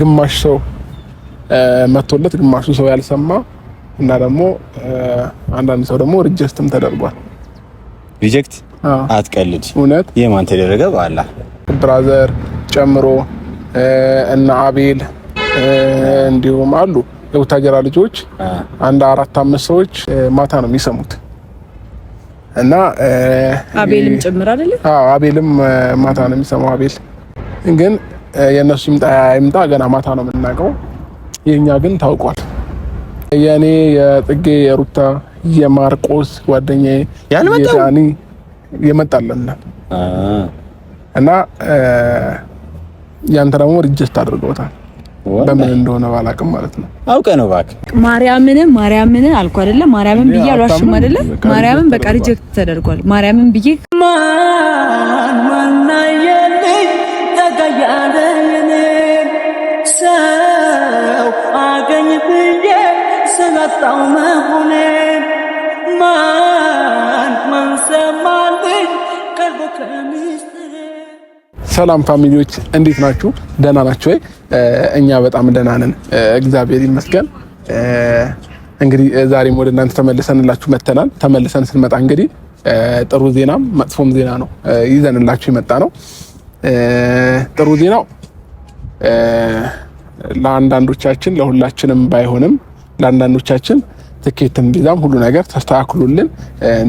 ግማሽ ሰው መቶለት ግማሹ ሰው ያልሰማ እና ደግሞ አንዳንድ ሰው ደግሞ ሪጀክትም ተደርጓል። ሪጀክት አትቀልድ። እውነት የማን ተደረገ? በአላ ብራዘር ጨምሮ እና አቤል እንዲሁም አሉ የቡታጀራ ልጆች አንድ አራት አምስት ሰዎች ማታ ነው የሚሰሙት እና አቤልም ጭምር አይደለ? አዎ አቤልም ማታ ነው የሚሰማው። አቤል ግን የእነሱ ይምጣ ይምጣ ገና ማታ ነው የምናውቀው። የእኛ ግን ታውቋል። የእኔ የጥጌ የሩታ የማርቆስ ጓደኛ የዳኒ የመጣለን እና ያንተ ደግሞ ሪጀስት አድርገውታል። በምን እንደሆነ ባላቅም ማለት ነው። አውቀ ነው ባክ ማርያምን ማርያምን አልኩ አይደለ? ማርያምን ብዬ አልዋሽም አይደለ? ማርያምን በቃ ሪጀክት ተደርጓል። ማርያምን ብዬ ማን ማናየልኝ ተጋያለ ሰው አገኝ ብዬ ስላጣው ማን ማን ሰማልኝ ሰላም ፋሚሊዎች እንዴት ናችሁ? ደህና ናችሁ ወይ? እኛ በጣም ደህና ነን፣ እግዚአብሔር ይመስገን። እንግዲህ ዛሬም ወደ እናንተ ተመልሰንላችሁ መተናል። ተመልሰን ስንመጣ እንግዲህ ጥሩ ዜናም መጥፎም ዜና ነው ይዘንላችሁ የመጣ ነው። ጥሩ ዜናው ለአንዳንዶቻችን ለሁላችንም ባይሆንም ለአንዳንዶቻችን ትኬትም ቪዛም ሁሉ ነገር ተስተካክሎልን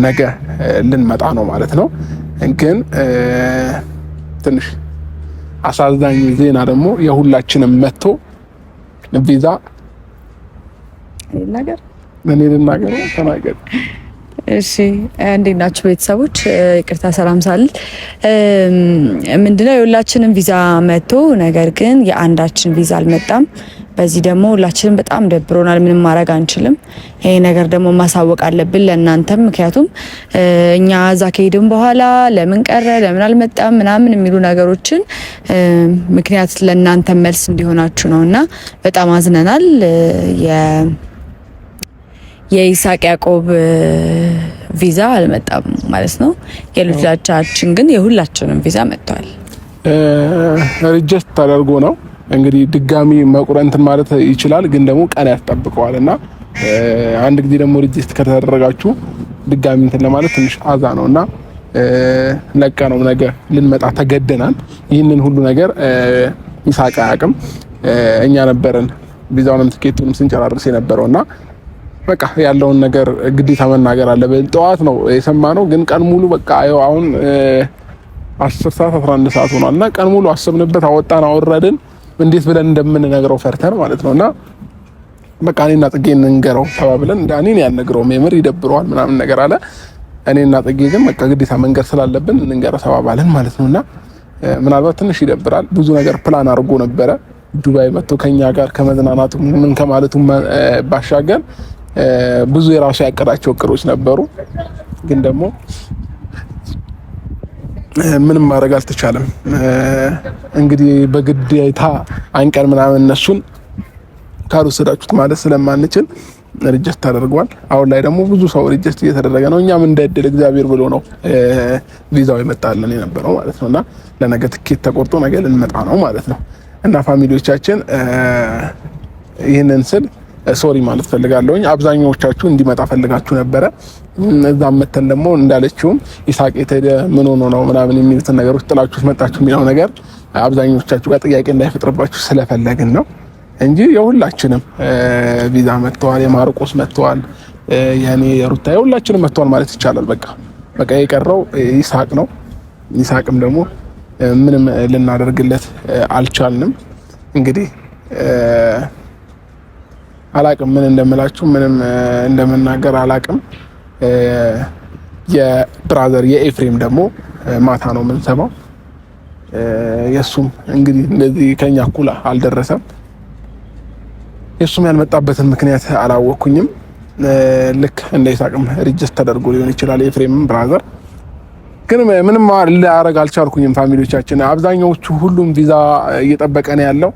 ነገ ልንመጣ ነው ማለት ነው። ግን ትንሽ አሳዛኝ ዜና ደግሞ የሁላችንም መጥቶ ቪዛ ነገር እኔ ልናገር ተናገር እሺ እንዴት ናችሁ ቤተሰቦች? ይቅርታ ሰላም ሳል ምንድነው የሁላችንም ቪዛ መጥቶ፣ ነገር ግን የአንዳችን ቪዛ አልመጣም። በዚህ ደግሞ ሁላችንም በጣም ደብሮናል። ምንም ማድረግ አንችልም። ይሄ ነገር ደግሞ ማሳወቅ አለብን ለእናንተም፣ ምክንያቱም እኛ እዛ ከሄድን በኋላ ለምን ቀረ ለምን አልመጣም ምናምን የሚሉ ነገሮችን ምክንያት ለእናንተ መልስ እንዲሆናችሁ ነው እና በጣም አዝነናል። የይስሐቅ ያዕቆብ ቪዛ አልመጣም ማለት ነው። የልጃቻችን ግን የሁላችንም ቪዛ መጥተዋል። ሪጀስት ተደርጎ ነው እንግዲህ ድጋሚ መቁረንትን ማለት ይችላል። ግን ደግሞ ቀን ያስጠብቀዋል እና አንድ ጊዜ ደግሞ ሪጀስት ከተደረጋችሁ ድጋሚ እንትን ለማለት ትንሽ አዛ ነው እና ለቀ ነው ነገር ልንመጣ ተገደናል። ይህንን ሁሉ ነገር ይስሐቅ አያውቅም። እኛ ነበረን ቪዛውንም ትኬቱንም ስንጨራርስ የነበረው እና በቃ ያለውን ነገር ግዴታ መናገር አለብን። ጠዋት ነው የሰማነው፣ ግን ቀን ሙሉ በቃ ያው አሁን 10 ሰዓት 11 ሰዓት ሆኗል እና ቀን ሙሉ አሰብንበት፣ አወጣን፣ አወረድን እንዴት ብለን እንደምንነግረው ፈርተን ማለት ነው። እና በቃ እኔና ጽጌ እንንገረው ተባብለን ዳኒን ያልነግረውም የምር ይደብረዋል ምናምን ነገር አለ። እኔና ጽጌ ግን በቃ ግዴታ መንገር ስላለብን እንንገረ ተባባለን ማለት ነው። እና ምናልባት ትንሽ ይደብራል። ብዙ ነገር ፕላን አድርጎ ነበረ ዱባይ መጥቶ ከኛ ጋር ከመዝናናቱ ምን ከማለቱ ባሻገር ብዙ የራሱ ያቀዳቸው እቅዶች ነበሩ፣ ግን ደግሞ ምንም ማድረግ አልተቻለም። እንግዲህ በግዴታ አንቀን ምናምን እነሱን ካልወሰዳችሁት ማለት ስለማንችል ሪጀስት ተደርጓል። አሁን ላይ ደግሞ ብዙ ሰው ሪጀስት እየተደረገ ነው። እኛም እንደ እድል እግዚአብሔር ብሎ ነው ቪዛው ይመጣልን የነበረው ማለት ነው እና ለነገ ትኬት ተቆርጦ ነገ ልንመጣ ነው ማለት ነው እና ፋሚሊዎቻችን ይህንን ስል ሶሪ ማለት ፈልጋለሁኝ። አብዛኛዎቻችሁ እንዲመጣ ፈልጋችሁ ነበረ። እዛም መተን ደግሞ እንዳለችውም ኢሳቅ የተደ ምን ሆኖ ነው ምናምን የሚሉትን ነገሮች ጥላችሁ መጣችሁ የሚለው ነገር አብዛኞቻችሁ ጋር ጥያቄ እንዳይፈጥርባችሁ ስለፈለግን ነው እንጂ የሁላችንም ቪዛ መጥተዋል፣ የማርቆስ መጥተዋል፣ የኔ የሩታ የሁላችንም መጥተዋል ማለት ይቻላል። በቃ በቃ የቀረው ይሳቅ ነው። ይሳቅም ደግሞ ምንም ልናደርግለት አልቻልንም እንግዲህ አላቅም ምን እንደምላችሁ ምንም እንደምናገር አላቅም። የብራዘር የኤፍሬም ደግሞ ማታ ነው የምንሰማው። የእሱም እንግዲህ እንደዚህ ከኛ እኩል አልደረሰም። የእሱም ያልመጣበትን ምክንያት አላወቅኩኝም። ልክ እንደ ይሳቅም ሪጅስት ተደርጎ ሊሆን ይችላል። ኤፍሬምም ብራዘር ግን ምንም ላረግ አልቻልኩኝም። ፋሚሊዎቻችን አብዛኛዎቹ ሁሉም ቪዛ እየጠበቀ ነው ያለው።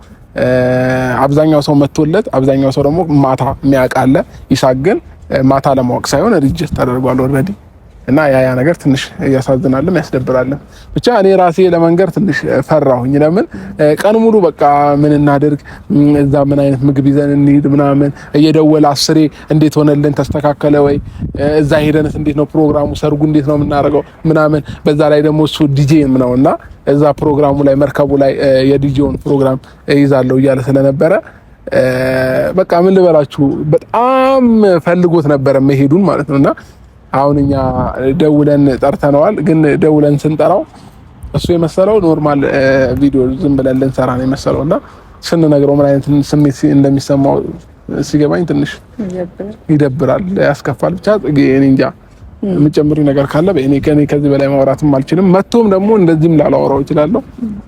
አብዛኛው ሰው መቶለት አብዛኛው ሰው ደግሞ ማታ የሚያውቅ አለ። ማታ ለማወቅ ሳይሆን ሪጅስተር ተደርጓል ኦልሬዲ እና ያ ያ ነገር ትንሽ እያሳዝናልም ያስደብራልም። ብቻ እኔ ራሴ ለመንገር ትንሽ ፈራሁኝ። ለምን ቀን ሙሉ በቃ ምን እናድርግ፣ እዛ ምን አይነት ምግብ ይዘን እንሂድ ምናምን እየደወለ አስሬ እንዴት ሆነልን ተስተካከለ ወይ፣ እዛ ሄደንስ እንዴት ነው ፕሮግራሙ፣ ሰርጉ እንዴት ነው የምናደርገው ምናምን። በዛ ላይ ደግሞ እሱ ዲጄ ነው እና እዛ ፕሮግራሙ ላይ መርከቡ ላይ የዲጄውን ፕሮግራም ይዛለሁ እያለ ስለነበረ በቃ ምን ልበላችሁ በጣም ፈልጎት ነበረ መሄዱን ማለት ነው እና አሁን እኛ ደውለን ጠርተነዋል። ግን ደውለን ስንጠራው እሱ የመሰለው ኖርማል ቪዲዮ ዝም ብለን ልንሰራ ነው የመሰለው እና ስንነግረው ምን አይነት ስሜት እንደሚሰማው ሲገባኝ ትንሽ ይደብራል፣ ያስከፋል። ብቻ እንጃ የምጨምሪ ነገር ካለ በእኔ ከኔ ከዚህ በላይ ማውራትም አልችልም። መቶም ደግሞ እንደዚህም ላላወራው እችላለሁ።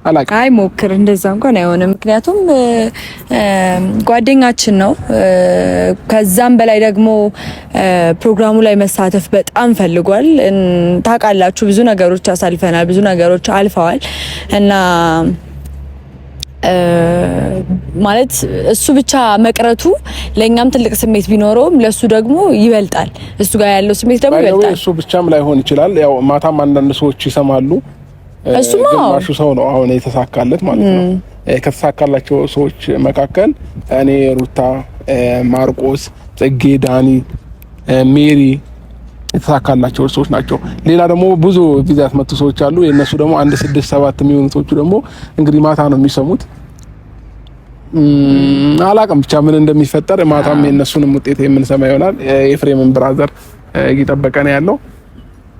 አላውቅም። አይ ሞክር፣ እንደዛ እንኳን አይሆንም። ምክንያቱም ጓደኛችን ነው። ከዛም በላይ ደግሞ ፕሮግራሙ ላይ መሳተፍ በጣም ፈልጓል። ታውቃላችሁ፣ ብዙ ነገሮች አሳልፈናል፣ ብዙ ነገሮች አልፈዋል እና ማለት እሱ ብቻ መቅረቱ ለእኛም ትልቅ ስሜት ቢኖረውም ለእሱ ደግሞ ይበልጣል። እሱ ጋር ያለው ስሜት ደግሞ ይበልጣል። እሱ ብቻም ላይሆን ይችላል። ያው ማታም አንዳንድ ሰዎች ይሰማሉ። እሱማ ግማሹ ሰው ነው አሁን የተሳካለት ማለት ነው። ከተሳካላቸው ሰዎች መካከል እኔ፣ ሩታ፣ ማርቆስ፣ ጽጌ፣ ዳኒ፣ ሜሪ የተሳካላቸው ሰዎች ናቸው። ሌላ ደግሞ ብዙ ጊዜ ያስመጡ ሰዎች አሉ። የእነሱ ደግሞ አንድ ስድስት ሰባት የሚሆኑ ሰዎቹ ደግሞ እንግዲህ ማታ ነው የሚሰሙት። አላቅም ብቻ ምን እንደሚፈጠር ማታም የእነሱንም ውጤት የምንሰማ ይሆናል። የፍሬምን ብራዘር እየጠበቀ ነው ያለው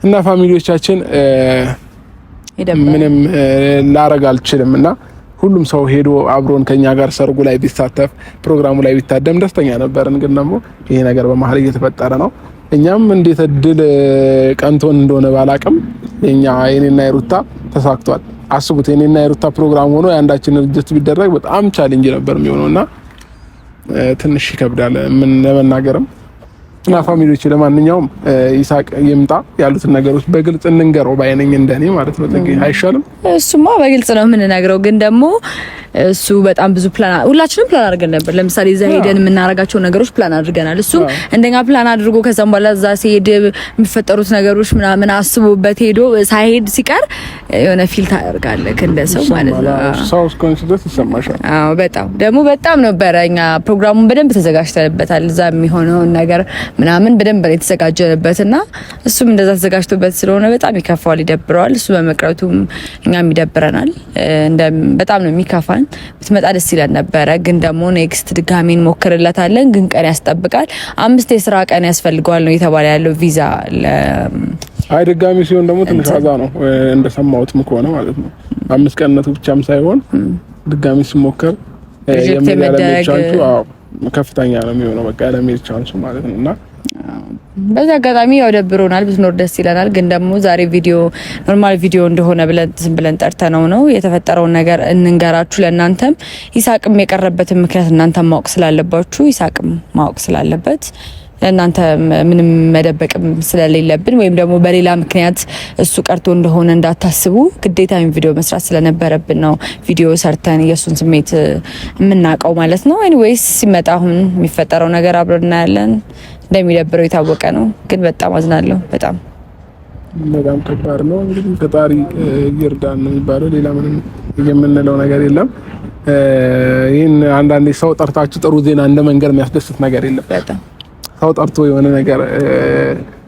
እና ፋሚሊዎቻችን ምንም ላረግ አልችልም እና ሁሉም ሰው ሄዶ አብሮን ከኛ ጋር ሰርጉ ላይ ቢሳተፍ ፕሮግራሙ ላይ ቢታደም ደስተኛ ነበርን። ግን ደግሞ ይሄ ነገር በመሀል እየተፈጠረ ነው። እኛም እንዴት እድል ቀንቶን እንደሆነ ባላቅም የኛ የኔና የሩታ ተሳክቷል። አስቡት የኔና የሩታ ፕሮግራም ሆኖ የአንዳችን ድርጅት ቢደረግ በጣም ቻሌንጅ ነበር የሚሆነውና ትንሽ ይከብዳል። ምን ለመናገርም እና ፋሚሊዎች ለማንኛውም ይሳቅ ይምጣ ያሉትን ነገሮች በግልጽ እንንገረው ባይነኝ እንደኔ ማለት ነው። ጥቂ አይሻልም? እሱማ በግልጽ ነው የምንነግረው። ግን ደግሞ እሱ በጣም ብዙ ፕላን ሁላችንም ፕላን አድርገን ነበር። ለምሳሌ እዛ ሄደን የምናደርጋቸው ነገሮች ፕላን አድርገናል። እሱ እንደኛ ፕላን አድርጎ ከዛም በኋላ እዛ ሲሄድ የሚፈጠሩት ነገሮች ምናምን አስቦበት ሄዶ ሳይሄድ ሲቀር የሆነ ፊል ታደርጋለህ እንደ ሰው ማለት ነው። ሰው ኮንሲደንስ ይሰማሻል? አዎ በጣም ደግሞ በጣም ነበረ። እኛ ፕሮግራሙን በደንብ ተዘጋጅተንበታል። እዛ የሚሆነውን ነገር ምናምን በደንብ ነው የተዘጋጀንበትና እሱም እንደዛ ተዘጋጅቶበት ስለሆነ በጣም ይከፋዋል፣ ይደብረዋል። እሱ በመቅረቱም እኛም ይደብረናል። በጣም ነው የሚከፋን። ብትመጣ ደስ ይለን ነበረ፣ ግን ደግሞ ኔክስት ድጋሜ እንሞክርለታለን። ግን ቀን ያስጠብቃል። አምስት የስራ ቀን ያስፈልገዋል ነው የተባለ ያለው ቪዛ አይ ድጋሚ ሲሆን ደግሞ ትንሽ አዛ ነው እንደሰማሁትም ከሆነ ማለት ነው። አምስት ቀንነቱ ብቻም ሳይሆን ድጋሚ ሲሞከር የሚያደርግ ከፍተኛ ነው የሚሆነው። በቃ ለሚል ቻንሱ ማለት ነው እና በዚህ አጋጣሚ ያው ደብሮናል፣ ብትኖር ደስ ይለናል። ግን ደግሞ ዛሬ ቪዲዮ ኖርማል ቪዲዮ እንደሆነ ብለን ዝም ብለን ጠርተነው ነው የተፈጠረውን ነገር እንንገራችሁ። ለእናንተም ይሳቅም የቀረበትን ምክንያት እናንተም ማወቅ ስላለባችሁ ይሳቅም ማወቅ ስላለበት ለእናንተ ምንም መደበቅ ስለሌለብን ወይም ደግሞ በሌላ ምክንያት እሱ ቀርቶ እንደሆነ እንዳታስቡ ግዴታ ቪዲዮ መስራት ስለነበረብን ነው ቪዲዮ ሰርተን የእሱን ስሜት የምናውቀው ማለት ነው። ኤኒዌይስ ሲመጣ አሁን የሚፈጠረው ነገር አብረን እናያለን። እንደሚደብረው የታወቀ ነው፣ ግን በጣም አዝናለሁ። በጣም በጣም ከባድ ነው። እንግዲህ ፈጣሪ ይርዳን ነው የሚባለው። ሌላ ምንም የምንለው ነገር የለም። ይህን አንዳንዴ ሰው ጠርታችሁ ጥሩ ዜና እንደ መንገድ የሚያስደስት ነገር የለም። ተውጠርቶ የሆነ ነገር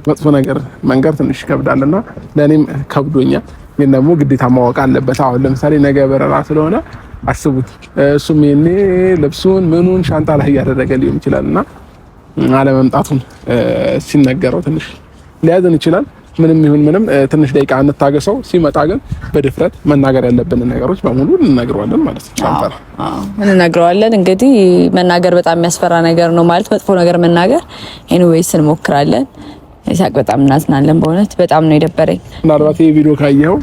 መጥፎ ነገር መንገር ትንሽ ይከብዳልና ለእኔም ከብዶኛል። ግን ደግሞ ግዴታ ማወቅ አለበት። አሁን ለምሳሌ ነገ በረራ ስለሆነ አስቡት። እሱም ይሄኔ ልብሱን ምኑን ሻንጣ ላይ እያደረገ ሊሆን ይችላል እና አለመምጣቱን ሲነገረው ትንሽ ሊያዝን ይችላል። ምንም ይሁን ምንም ትንሽ ደቂቃ እንታገሰው። ሲመጣ ግን በድፍረት መናገር ያለብንን ነገሮች በሙሉ እንነግረዋለን ማለት ነው። እንነግረዋለን። እንግዲህ መናገር በጣም የሚያስፈራ ነገር ነው ማለት መጥፎ ነገር መናገር። ኤኒዌይስ እንሞክራለን። ይሳቅ በጣም እናዝናለን። በእውነት በጣም ነው የደበረኝ። ምናልባት ይህ ቪዲዮ ካየኸው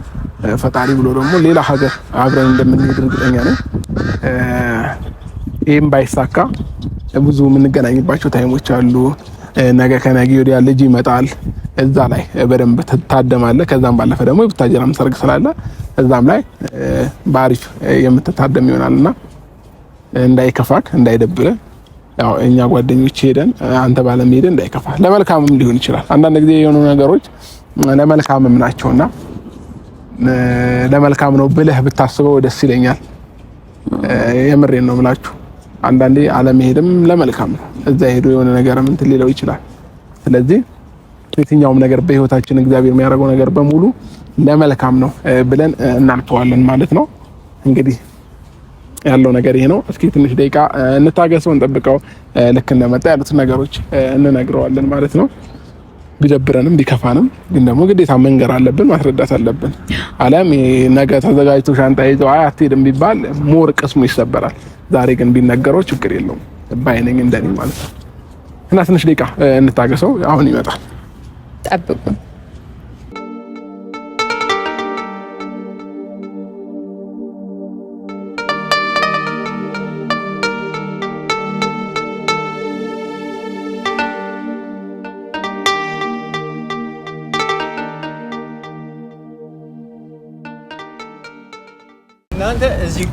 ፈጣሪ ብሎ ደግሞ ሌላ ሀገር አብረን እንደምንሄድ እርግጠኛ ነኝ። ይህም ባይሳካ ብዙ የምንገናኝባቸው ታይሞች አሉ ነገ ከነገ ወዲያ ልጅ ይመጣል። እዛ ላይ በደንብ ትታደማለ ከዛም ባለፈ ደግሞ የቡታጀራም ሰርግ ስላለ እዛም ላይ በአሪፍ የምትታደም ይሆናልና እንዳይከፋክ፣ እንዳይደብርህ ያው እኛ ጓደኞች ሄደን አንተ ባለም ሄደን እንዳይከፋ፣ ለመልካምም ሊሆን ይችላል። አንዳንድ ጊዜ የሆኑ ነገሮች ለመልካምም ናቸውና ለመልካም ነው ብለህ ብታስበው ደስ ይለኛል። የምሬን ነው የምላችሁ። አንዳንዴ አለመሄድም ለመልካም ነው። እዛ ሄዶ የሆነ ነገርም እንትን ሊለው ይችላል። ስለዚህ የትኛውም ነገር በህይወታችን እግዚአብሔር የሚያደርገው ነገር በሙሉ ለመልካም ነው ብለን እናልፈዋለን ማለት ነው። እንግዲህ ያለው ነገር ይሄ ነው። እስኪ ትንሽ ደቂቃ እንታገሰው፣ እንጠብቀው። ልክ እንደመጣ ያሉትን ነገሮች እንነግረዋለን ማለት ነው። ቢደብረንም ቢከፋንም ግን ደግሞ ግዴታ መንገር አለብን፣ ማስረዳት አለብን። አለም ነገ ተዘጋጅቶ ሻንጣ ይዞ አይ አትሄድም ቢባል ሞር ቅስሙ ይሰበራል። ዛሬ ግን ቢነገረው ችግር የለውም ባይነኝ እንደኔ ማለት ነው። እና ትንሽ ደቂቃ እንታገሰው፣ አሁን ይመጣል። ጠብቁ።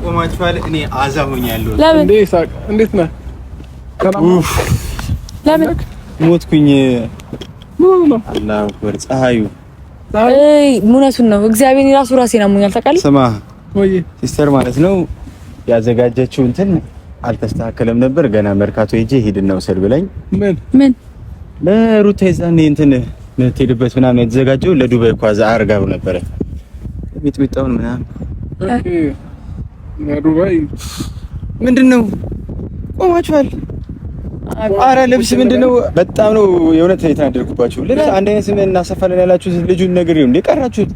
ቆማችኋል። እኔ አዛ ሆኛለሁ። ለምን ይሳቅ፣ እንዴት ነህ? ለምን ሞትኩኝ? አላህ ወር ፀሐዩ አይ እውነቱን ነው። እግዚአብሔር የራሱ ራሴን አሞኛል። ታውቃለህ? ስማ ሲስተር ማለት ነው ያዘጋጀችው እንትን አልተስተካከለም ነበር። ገና መርካቶ ሄጄ ሂድና ውሰድ ብላኝ ምን ምን ለሩታ የዛኔ እንትን የምትሄድበት ምናምን የተዘጋጀው ለዱባይ ኳዛ አርጋው ነበረ ሚጥሚጣውን ምናምን ዱባይ ምንድን ነው ቆማችኋል? አረ ልብስ ምንድን ነው? በጣም ነው የእውነት የተናደድኩባችሁ። ልብስ አንድ አይነት ስም እናሰፋለን ያላችሁት ልጁን ነገር ነው እንዴ ቀራችሁት?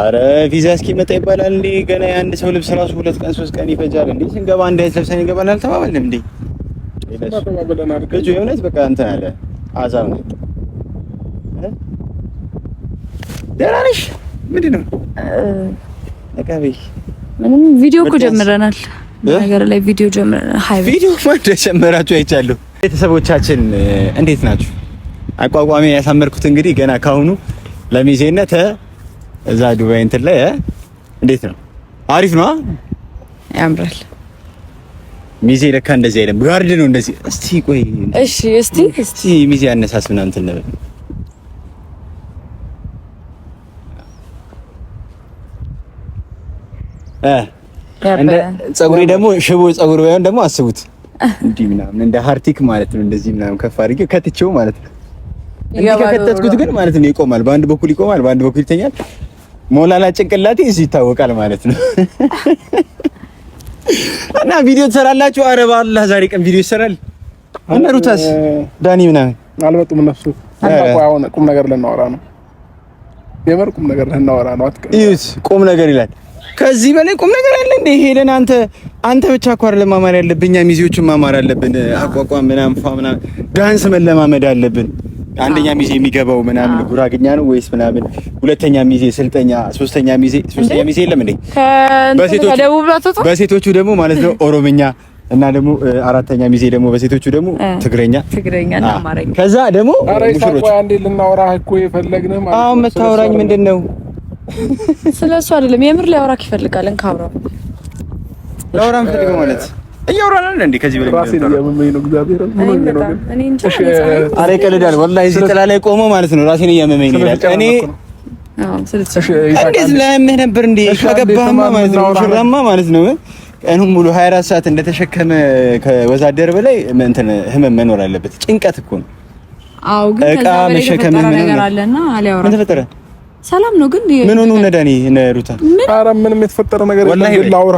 አረ ቪዛ እስኪመጣ ይባላል እንዴ? ገና የአንድ ሰው ልብስ ራሱ ሁለት ቀን ሶስት ቀን ይፈጃል እንዴ? ስንገባ አንድ አይነት ለብሰን ይገባል አልተባባልንም እንዴ? ልጁ የእውነት በቃ እንትን አለ አዛብ ነው ደህና ነሽ? ምንድን ነው ምንም ቪዲዮ እኮ ጀምረናል። ነገር ላይ ቪዲዮ ጀምረናል። ቪዲዮ ጀምራችሁ አይቻለሁ። ቤተሰቦቻችን እንዴት ናችሁ? አቋቋሚ ያሳመርኩት እንግዲህ ገና ካሁኑ ለሚዜነት እዛ ዱባይ እንትን ላይ እንዴት ነው? አሪፍ ነው፣ ያምራል። ሚዜ ለካ እንደዚህ አይደለም፣ ጋርድ ነው እንደዚህ። እስቲ ቆይ፣ እሺ፣ እስቲ እስቲ ሚዜ አነሳስ ምናምን እንትን ነበር ፀጉሬ ደግሞ ሽቦ ፀጉር ባይሆን ደግሞ አስቡት እንዲህ ምናምን እንደ ሀርቲክ ማለት ነው። እንደዚህ ምናምን ከፍ አድርጌ ከትቼው ማለት ነው። እንዲህ ከከተትኩት ግን ማለት ነው ይቆማል። በአንድ በኩል ይቆማል፣ በአንድ በኩል ይተኛል። ሞላላ ጭንቅላቴ እዚህ ይታወቃል ማለት ነው። እና ቪዲዮ ትሰራላችሁ? ኧረ በአላህ ዛሬ ቀን ቪዲዮ ይሰራል። እና ሩታስ ዳኒ ምናምን አልመጡም እነሱ። ቁም ነገር ልናወራ ነው። የምር ቁም ነገር ልናወራ ነው። አትቀር ቁም ነገር ይላል ከዚህ በላይ ቁም ነገር አለ እንዴ? ሄደን አንተ አንተ ብቻ እኮ አይደለም ማማር ያለብን፣ እኛ ሚዜዎችን ማማር አለብን። አቋቋም ምናምን ፏ ምናምን ዳንስ መለማመድ አለብን። አንደኛ ሚዜ የሚገባው ምናምን ጉራግኛ ነው ወይስ ምናምን? ሁለተኛ ሚዜ ስልጠኛ፣ ሶስተኛ ሚዜ ሶስተኛ ሚዜ የለም እንዴ? በሴቶቹ በሴቶቹ ደግሞ ማለት ነው ኦሮምኛ እና ደግሞ አራተኛ ሚዜ ደግሞ በሴቶቹ ደግሞ ትግረኛ ትግረኛ እና አማርኛ። ከዛ ደግሞ አሁን የምታወራኝ ምንድን ነው? ስለ እሱ አይደለም፣ የምር ሊያወራክ ይፈልጋል። እንካ አብራ ላውራ ማለት እያወራን አለ እንዴ? ከዚህ በላይ ኧረ ይቀልዳል። ወላሂ እዚህ ጥላ ላይ ቆሞ ማለት ነው ራሴን እያመመኝ ነው ይላል። እኔ እንዴት ላያምህ ነበር እንዴ? ከገባህማ ማለት ነው ሽራማ ማለት ነው ቀኑን ሙሉ 24 ሰዓት እንደተሸከመ ከወዛደር በላይ እንትን ህመም መኖር አለበት። ጭንቀት እኮ ነው። አዎ ግን ከዛ በላይ ነገር አለና አለ አላወራም። ምን ተፈጠረ? ሰላም ነው ግን ምን ሆኖ ነው ዳኒ ነሩታ? ኧረ ምንም የተፈጠረ ነገር የለም። ላውራ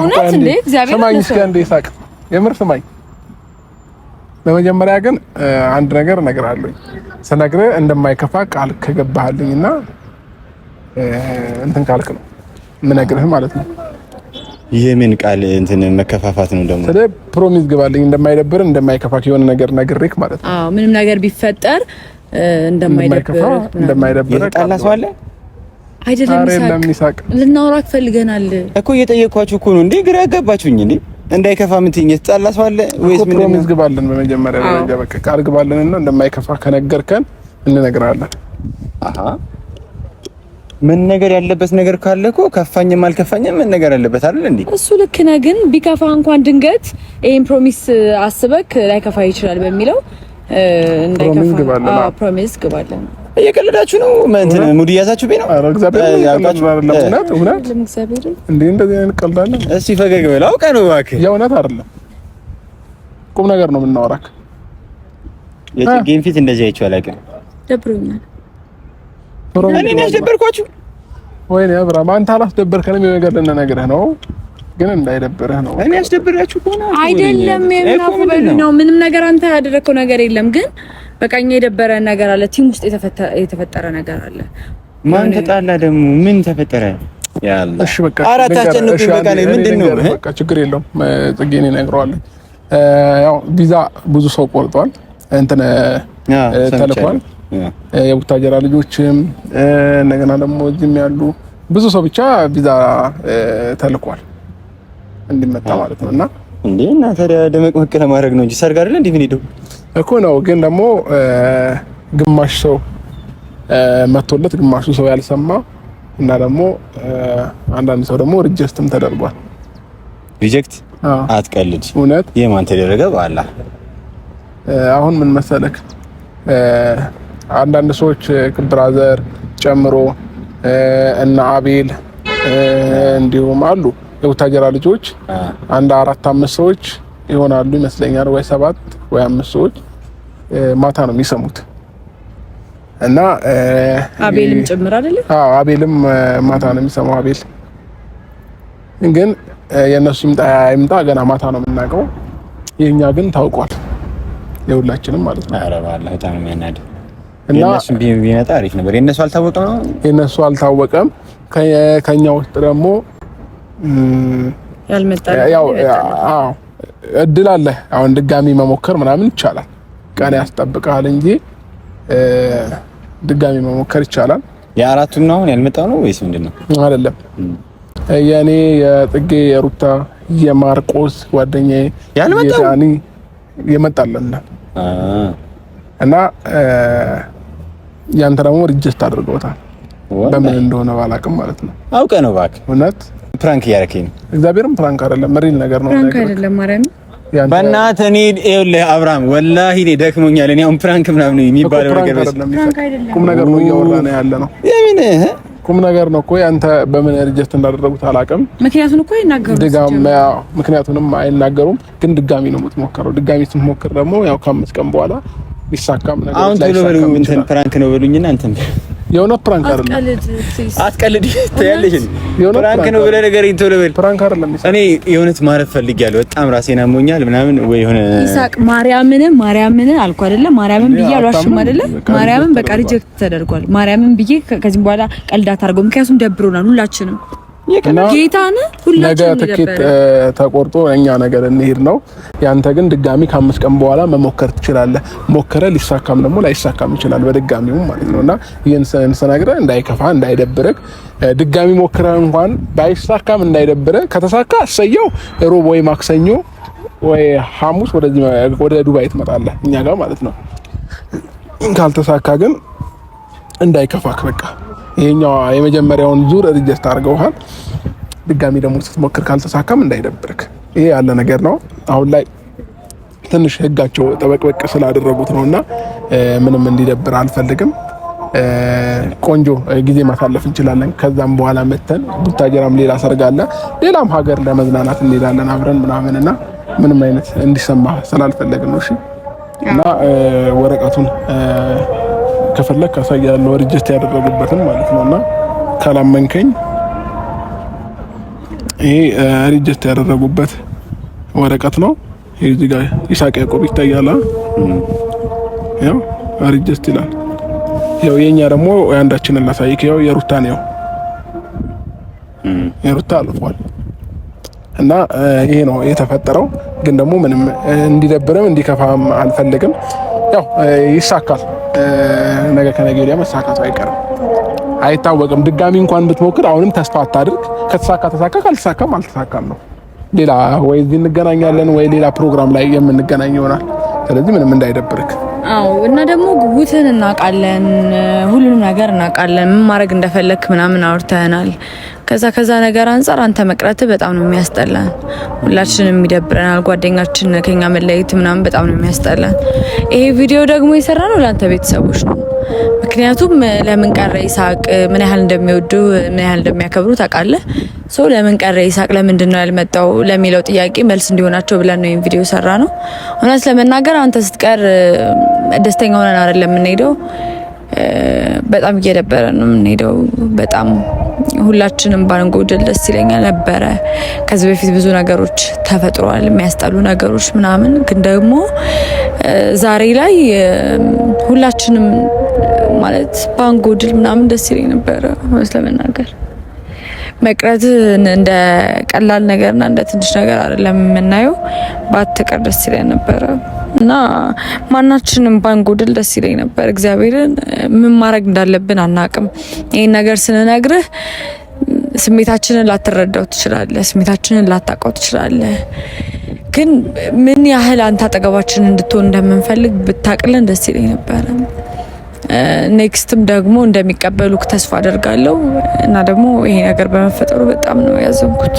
ሰማኝ፣ እስኪ አንዴ ሳቅ። የምር ስማኝ። በመጀመሪያ ግን አንድ ነገር እነግርሃለሁ። ስነግርህ እንደማይከፋ ቃል ከገባህልኝና እንትን ካልክ ነው የምነግርህ ማለት ነው። የምን ቃል እንትን መከፋፋት ነው ደግሞ? ስለ ፕሮሚስ ግባልኝ፣ እንደማይደብር እንደማይከፋክ የሆነ ነገር ነግሬክ ማለት ነው። አዎ ምንም ነገር ቢፈጠር እንደማይደብር እንደማይደብር ቃል አለ አይደለም ልናወራክ ፈልገናል እኮ እየጠየኳችሁ እኮ ነው። እንዴ ግራ ያጋባችሁኝ እንዴ! እንዳይከፋ ምን ትይኝ ተጣላ ሰው አለ ወይስ ምን? ፕሮሚስ ግባለን፣ በመጀመሪያ ደረጃ በቃ ቃል ግባለንና እንደማይከፋ ከነገርከን እንነግራለን። አሃ ምን ነገር ያለበት ነገር ካለ እኮ ከፋኝም አልከፋኝም ምን ነገር ያለበት አይደል እንዴ? እሱ ልክ ነህ፣ ግን ቢከፋ እንኳን ድንገት ይሄን ፕሮሚስ አስበክ ላይከፋ ይችላል በሚለው እንዳይከፋ ፕሮሚስ ግባለን እየቀለዳችሁ ነው። እንትን ሙድ እያዛችሁ ቤት ነው። ኧረ እስኪ ፈገግ በል። አውቀህ ነው እባክህ። የእውነት አይደለም ቁም ነገር ነው የምናወራክ። የጽጌን ፊት እንደዚህ አይቼው አላውቅም። ደብሮኛል። እኔ ነሽ ወይኔ አብራ ማን ታላስ የነገር ልንነግርህ ነው ግን እንዳይደብርህ ነው። እኔ አስደብራችሁ ከሆነ አይደለም የምናፈበል ነው። ምንም ነገር አንተ ያደረከው ነገር የለም። ግን በቃ እኛ የደበረ ነገር አለ፣ ቲም ውስጥ የተፈጠረ ነገር አለ። ማን ተጣላ ደግሞ ምን ተፈጠረ? እሺ በቃ አራታችን ነው። በቃ ነው ምንድን ነው? በቃ ችግር የለውም። ጽጌ እኔ እነግረዋለሁ። ያው ቪዛ ብዙ ሰው ቆርጧል፣ እንትን ተልኳል። የቡታጀራ ልጆችም እንደገና ደግሞ እዚህም ያሉ ብዙ ሰው ብቻ ቪዛ ተልኳል። እንዲመታ ማለት ነው። እና እንዴ እና ታዲያ ደመቅ መቅ ለማድረግ ነው እንጂ ሰርግ አይደለ እንዴ ምን ሄደው እኮ ነው። ግን ደግሞ ግማሽ ሰው መቶለት ግማሹ ሰው ያልሰማ እና ደግሞ አንዳንድ ሰው ደግሞ ሪጀክትም ተደርጓል። ሪጀክት አትቀልድ። እውነት የማን ተደረገ? በኋላ አሁን ምን መሰለክ አንዳንድ ሰዎች ብራዘር ጨምሮ እና አቤል እንዲሁም አሉ የቡታጀራ ልጆች አንድ አራት አምስት ሰዎች ይሆናሉ ይመስለኛል፣ ወይ ሰባት ወይ አምስት ሰዎች ማታ ነው የሚሰሙት እና አቤልም ጭምር አይደለ? አዎ አቤልም ማታ ነው የሚሰማው። አቤል ግን የእነሱ ይምጣ ይምጣ ገና ማታ ነው የምናውቀው። የእኛ ግን ታውቋል፣ የሁላችንም ማለት ነው። ኧረ በአላህ በጣም የሚያናድድ እና የእነሱም ቢመጣ አሪፍ ነበር። የእነሱ አልታወቀም ነው የእነሱ አልታወቀም። ከኛ ውስጥ ደግሞ እድል አለ። አሁን ድጋሚ መሞከር ምናምን ይቻላል። ቀን ያስጠብቀሃል እንጂ ድጋሚ መሞከር ይቻላል። የአራቱም ነው አሁን ያልመጣው ነው ወይስ ምንድን ነው? አይደለም የኔ የጥጌ የሩታ የማርቆስ ጓደኛዬ የዳኒ የመጣለን እና ያንተ ደግሞ ሪጀስት አድርገውታል። በምን እንደሆነ ባላቅም ማለት ነው አውቀ ነው እባክህ እውነት ፕራንክ እያደረከኝ ነው። እግዚአብሔርም ፕራንክ አይደለም መሪል ነገር ነው። ፕራንክ አይደለም ማርያም በእናትህ እኔ ይኸውልህ አብርሃም ወላሂ እኔ ደክሞኛል። እኔ አሁን ፕራንክ ምናምን የሚባለው ነገር ነው ቁም ነገር ነው ነው ያለ ነው። የምን ቁም ነገር ነው እኮ አንተ በምን ሪጀስት እንዳደረጉት አላውቅም። ምክንያቱን እኮ አይናገሩም፣ ድጋሚ ምክንያቱንም አይናገሩም። ግን ድጋሚ ነው የምትሞክረው። ድጋሚ ስትሞክር ደግሞ ያው ከአምስት ቀን በኋላ ሊሳካም ነገር አሁን ቶሎ በሉ እንትን ፕራንክ ነው በሉኝና እንትን የእውነት ፕራንክ አይደለም። አትቀልድ ትያለሽ። ፕራንክ ነው ብለህ ነገር እንትን ልበል። ፕራንክ አይደለም። እኔ የእውነት ማረፍ ፈልጌያለሁ። በጣም ራሴን አሞኛል ምናምን ወይ የሆነ ይሳቅ ማርያምን ማርያምን አልኩ አይደለ? ማርያምን ብዬ አልዋሽም አይደለ? ማርያምን በቃ ሪጀክት ተደርጓል። ማርያምን ብዬ ከዚህ በኋላ ቀልዳት አድርገው። ምክንያቱም ደብሮናል ሁላችንም ጌታን ነገ ትኬት ተቆርጦ እኛ ነገር እንሄድ ነው። ያንተ ግን ድጋሚ ከአምስት ቀን በኋላ መሞከር ትችላለህ። ሞከረ ሊሳካም ደግሞ ላይሳካም ይችላል፣ በድጋሚው ማለት ነው እና ይህን ስነግርህ እንዳይከፋ እንዳይደብርህ ድጋሚ ሞክረህ እንኳን ባይሳካም እንዳይደብርህ። ከተሳካ አሰየው፣ ሮብ ወይ ማክሰኞ ወይ ሐሙስ ወደ ዱባይ ትመጣለህ እኛ ጋር ማለት ነው። ካልተሳካ ግን እንዳይከፋክ በቃ ይሄኛው የመጀመሪያውን ዙር ሪጀስት አድርገውሃል። ድጋሚ ደግሞ ስትሞክር ካልተሳካም እንዳይደብርክ። ይሄ ያለ ነገር ነው። አሁን ላይ ትንሽ ህጋቸው ጠበቅበቅ ስላደረጉት ነው እና ምንም እንዲደብር አልፈልግም። ቆንጆ ጊዜ ማሳለፍ እንችላለን። ከዛም በኋላ መተን ቡታጀራም ሌላ ሰርግ አለ፣ ሌላም ሀገር ለመዝናናት እንሄዳለን አብረን ምናምን እና ምንም አይነት እንዲሰማ ስላልፈለግ ነው። እና ወረቀቱን ከፈለክ አሳያለሁ ሪጅስት ያደረጉበትን ማለት ነው። እና ካላመንከኝ ይሄ ሪጅስት ያደረጉበት ወረቀት ነው። እዚህ ጋር ይሳቅ ያዕቆብ ይታያል። ያው ሪጅስት ይላል። ያው የኛ ደግሞ አንዳችንን ላሳይክ። ያው የሩታ ነው የሩታ አልፏል። እና ይሄ ነው የተፈጠረው። ግን ደግሞ ምንም እንዲደብርም እንዲከፋም አልፈልግም። ያው ይሳካል። ነገ ከነገ ወዲያ መሳካቱ አይቀርም፣ አይታወቅም። ድጋሚ እንኳን ብትሞክር አሁንም ተስፋ አታድርግ። ከተሳካ ተሳካ፣ ካልተሳካም አልተሳካም ነው። ሌላ ወይ እዚህ እንገናኛለን ወይ ሌላ ፕሮግራም ላይ የምንገናኝ ይሆናል። ስለዚህ ምንም እንዳይደብርክ። አዎ እና ደግሞ ጉጉትን እናውቃለን፣ ሁሉንም ነገር እናውቃለን። ምን ማድረግ እንደፈለክ ምናምን አውርተናል። ከዛ ከዛ ነገር አንጻር አንተ መቅረት በጣም ነው የሚያስጠላን፣ ሁላችንም ይደብረናል። ጓደኛችን ከኛ መለየት ምናምን በጣም ነው የሚያስጠላን። ይሄ ቪዲዮ ደግሞ የሰራ ነው ለአንተ ቤተሰቦች ነው ምክንያቱም ለምን ቀረ ይስሐቅ ምን ያህል እንደሚወዱ ምን ያህል እንደሚያከብሩ ታውቃለህ። ሶ ለምን ቀረ ይስሐቅ ለምንድን ነው ያልመጣው ለሚለው ጥያቄ መልስ እንዲሆናቸው ብለን ነው ይህን ቪዲዮ ሰራ ነው። እውነት ለመናገር አንተ ስትቀር ደስተኛ ሆነን አይደለም የምንሄደው። በጣም እየደበረ ነው የምንሄደው። በጣም ሁላችንም ባንጎደል ደስ ይለኛል ነበረ። ከዚህ በፊት ብዙ ነገሮች ተፈጥሯል፣ የሚያስጠሉ ነገሮች ምናምን። ግን ደግሞ ዛሬ ላይ ሁላችንም ማለት ባንጎድል ምናምን ደስ ይለኝ ነበረ ስለመናገር መቅረት እንደ ቀላል ነገርና እንደ ትንሽ ነገር አይደለም የምናየው። ባትቀር ደስ ይለኝ ነበረ። እና ማናችንም ባንጎድል ደስ ይለኝ ነበር። እግዚአብሔርን ምን ማድረግ እንዳለብን አናቅም። ይህን ነገር ስንነግርህ ስሜታችንን ላትረዳው ትችላለህ፣ ስሜታችንን ላታውቀው ትችላለህ። ግን ምን ያህል አንተ አጠገባችን እንድትሆን እንደምንፈልግ ብታቅልን ደስ ይለኝ ነበረ። ኔክስትም ደግሞ እንደሚቀበሉ ተስፋ አደርጋለሁ እና ደግሞ ይሄ ነገር በመፈጠሩ በጣም ነው ያዘንኩት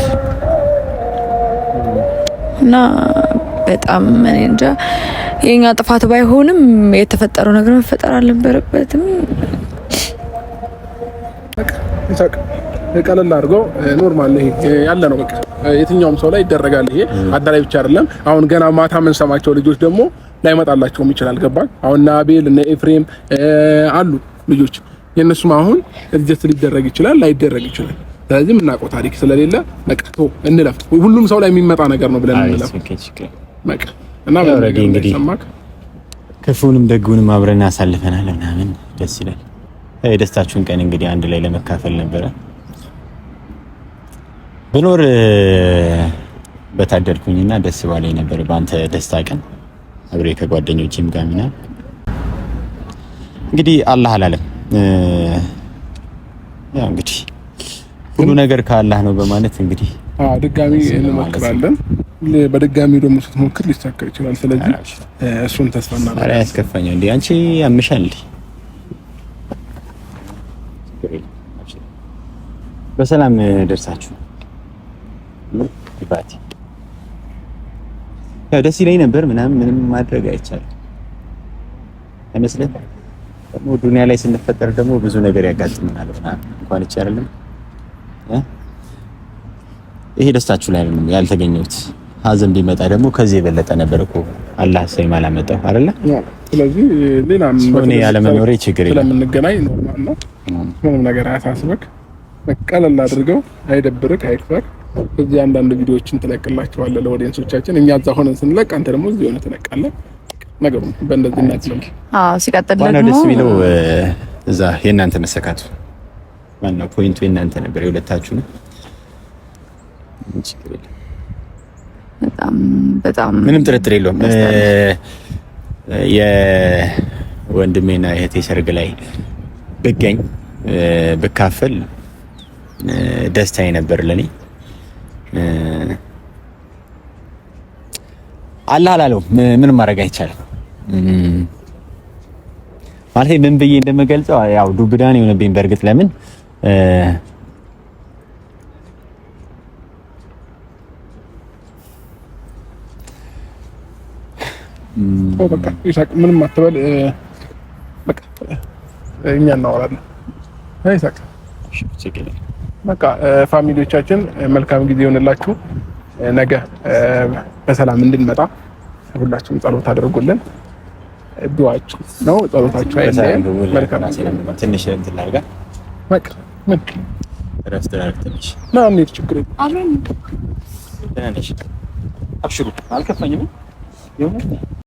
እና በጣም እኔ እንጃ የኛ ጥፋት ባይሆንም የተፈጠረው ነገር መፈጠር አልነበረበትም። ቀለል አድርጎ ኖርማል ይሄ ያለ ነው። በቃ የትኛውም ሰው ላይ ይደረጋል። ይሄ አዳላይ ብቻ አይደለም። አሁን ገና ማታ የምንሰማቸው ልጆች ደግሞ ላይመጣላቸውም ይችላል። ገባ አሁን እነ አቤል እነ ኤፍሬም አሉ ልጆች የእነሱም አሁን እጀት ሊደረግ ይችላል፣ ላይደረግ ይችላል። ስለዚህ የምናውቀው ታሪክ ስለሌለ በቃ እንለፍ። ሁሉም ሰው ላይ የሚመጣ ነገር ነው ብለን እንለፍ። በቃ እና እንግዲህ ክፉንም ደጉንም አብረን አሳልፈናል ምናምን ደስ ይላል። የደስታችሁን ቀን እንግዲህ አንድ ላይ ለመካፈል ነበረ ብኖር በታደልኩኝና ደስ ባለኝ ነበር። በአንተ ደስታ ቀን አብሬ ከጓደኞቼም ጋር ምናምን እንግዲህ አላህ አላለም። ያው እንግዲህ ሁሉ ነገር ከአላህ ነው በማለት እንግዲህ ድጋሚ እንሞክራለን። በድጋሚ ደግሞ ስትሞክር ሊሳካ ይችላል። ስለዚህ እሱን ተስፋ እናደርጋለን። ያስከፋኝ እንዴ አንቺ ያምሻል። በሰላም ደርሳችሁ ይባቲ ያው ደስ ይለኝ ነበር ምናምን ምንም ማድረግ አይቻልም አይመስልም። ደግሞ ዱንያ ላይ ስንፈጠር ደግሞ ብዙ ነገር ያጋጥመናል። እንኳን ይቻላል ይሄ ደስታችሁ ላይ ያልተገኘሁት ሀዘን ቢመጣ ደግሞ ከዚህ የበለጠ ነበር እኮ አላህ ሰው ማላመጣው አይደለ? ስለዚህ ሌላ ምን ያለመኖሬ ችግር የለም። ስለምንገናኝ ኖርማል ነው። ምንም ነገር አያሳስበክ። ቀለል አድርገው፣ አይደብርክ፣ አይክፋክ። እዚህ አንዳንድ ቪዲዮዎችን ትለቅላቸዋለህ ለኦዲየንሶቻችን። እኛ እዛ ሆነን ስንለቅ አንተ ደግሞ እዚህ ሆነ ትለቃለህ። ነገሩ በእንደዚህ እናትለም። አዎ፣ ሲቀጥል ደግሞ ደስ የሚለው እዛ የእናንተ መሰካቱ ዋናው ፖይንቱ የእናንተ ነበር፣ የሁለታችሁ ነው። ችግር የለም በጣም ምንም ጥርጥር የለውም። የወንድሜና እህቴ ሰርግ ላይ ብገኝ ብካፈል ደስታ ነበር ለኔ። አላህ አላለውም፣ ምንም ማድረግ አይቻልም። ማለት ምን ብዬ እንደምገልጸው ያው ዱብዳን የሆነብኝ በእርግጥ ለምን በቃ ይሳቅ ምንም አትበል። በቃ እኛ እናወራለን። ይሳቅ በቃ ፋሚሊዎቻችን መልካም ጊዜ ይሆንላችሁ። ነገ በሰላም እንድንመጣ ሁላችሁም ጸሎት አድርጉልን። ዱዋችሁ ነው ጸሎታችሁ። ትንሽ ችግር አብሽሩ፣ አልከፋኝም